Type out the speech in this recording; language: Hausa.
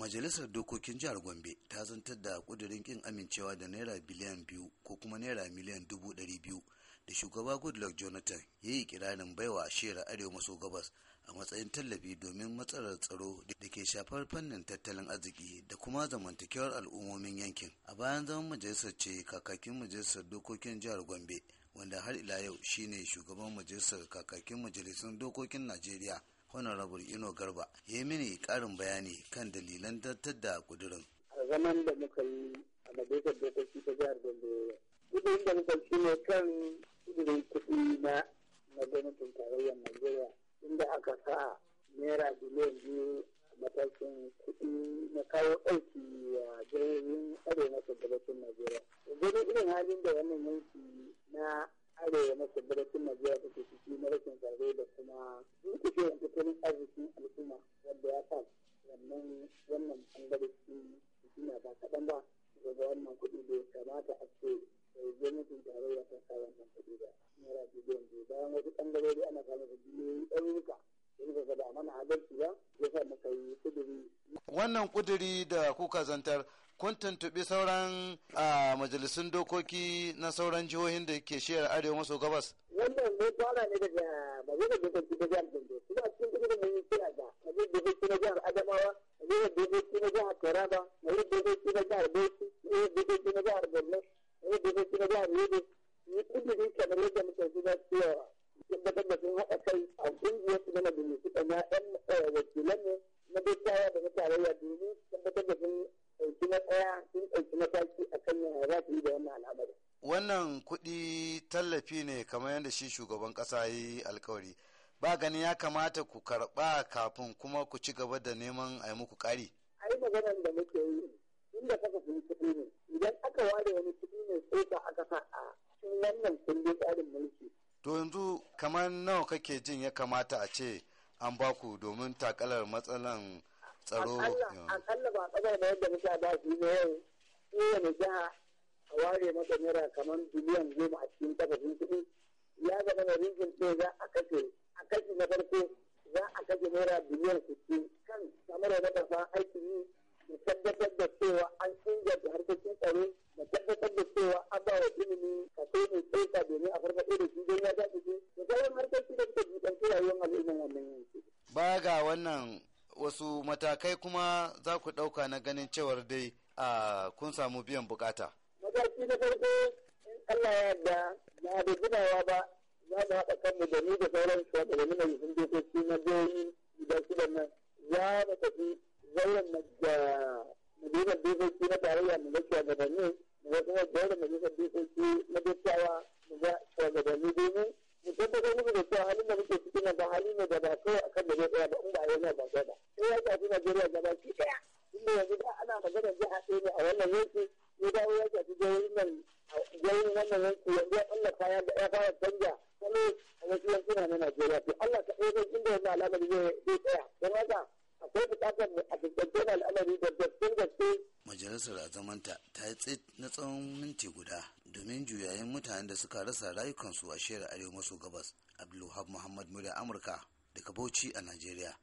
majalisar dokokin jihar gombe ta zantar da kudirin kin amincewa da naira biliyan biyu ko kuma naira miliyan dubu ɗari biyu da shugaba goodluck jonathan ya yi kiranin baiwa shera arewa maso gabas a matsayin tallafi domin matsalar tsaro da ke shafar fannin tattalin arziki da kuma zamantakewar al'ummomin yankin a bayan zaman majalisar ce kakakin majalisar dokokin jihar gombe wanda har ila yau shine shugaban majalisar kakakin majalisun dokokin najeriya honorable ino garba ya yi mini karin bayani kan dalilan tattar da kudurin a zaman da muka yi a majalisar dokoki ta jihar gombe kudin da muka shi ne kan kudurin kudi na na gwamnatin tarayyar najeriya inda aka sa naira biliyan biyu a matakin kuɗi na kawo aiki a jihohin arewa maso gabashin najeriya yanzu irin halin da wannan yanki na arewa maso gabashin Najeriya take ciki na rashin tsaro da kuma rikicewar tattalin arzikin al'umma wanda ya sa wannan wannan bangare sun na ba kaɗan ba daga wannan kuɗi da ya kamata a ce gwamnatin tarayya ta sa wannan kuɗi da naira biliyan biyu bayan wasu ɓangarori ana samun da biliyoyin ɗaruruka yanzu ga mana adalci ba ya sa muka yi kuduri. Wannan kuduri da kuka zantar kun tuntuɓi sauran majalisun dokoki na sauran jihohin da ke shiyar arewa maso gabas? Wannan ne na ne daga majalisar dokoki ta jihar Gombe. Suna cikin gudunar mun yi kira da dokoki na jihar Adamawa, majalisar dokoki na jihar Taraba, majalisar dokoki na jihar Bauchi, majalisar dokoki na jihar Borno, majalisar dokoki na jihar Yobe. Ni kudurin kamar yadda muka yi na cewa da sun haɗa kai a kungiyar su na majalisar na 'yan eh, wakilan ne na dokawa da na tarayya domin tabbatar da sun ɗauki matsaya sun ɗauki mataki a kan yana za su yi da wannan al'amari. Wannan kuɗi tallafi ne kamar yadda shi shugaban ƙasa yi alkawari. Ba gani ya kamata ku karɓa kafin kuma ku ci gaba da neman a yi muku ƙari. A yi maganar da muke yi inda kasa sun kuɗi ne. Idan aka ware wani kuɗi ne ko ba aka sa a cikin wannan kundin tsarin mulki. To yanzu kamar nawa kake jin ya kamata a ce an baku domin takalar matsalan tsaro akalla ba kasar da yadda muka ba su ne yau kowane jiha a ware masa naira kamar biliyan goma a cikin takardun kuɗi ya zama da rinkin ɗaya za a kashe a kashe na farko za a kashe naira biliyan sittin kan samar da matasa aikin yi da tabbatar da cewa an inganta harkokin tsaro da tabbatar da cewa an ba wa ilimi kaso mai tsoka domin a farfaɗo da shi don ya dace da sauran harkokin da suka jibanci rayuwar al'umman wannan yanki. Baya ga wannan wasu matakai kuma za ku ɗauka na ganin cewar dai a kun samu biyan bukata. Mataki na farko in Allah ya ba a da gudawa ba za mu haɗa kanmu da ni da sauran shugabanni na yusun dokoki na jihohi da su da nan za mu tafi zauren da majalisar dokoki na tarayya mu ga shugabanni mu ga kuma zauren majalisar dokoki na dattawa mu ga shugabanni domin mu tabbatar muku da cewa halin da muke cikin nan ba hali ne da ba kawai baki daya inda yanzu da ana maganar jiha ɗaya ne a wannan yanki ya dawo ya shafi jihohin nan jihohin wannan yanki yanzu ya tsalla kaya da ya fara canja kano a wasu yankuna na najeriya to allah ka ɗaya inda wannan alamar zai tsaya don haka akwai bukatar a gaggance da al'amari da gaskun gaske. Majalisar a zamanta ta yi tsit na tsawon minti guda domin juyayen mutanen da suka rasa rayukansu a shirin arewa maso gabas. Abdulhab Muhammad Murya Amurka daga Bauchi a Najeriya.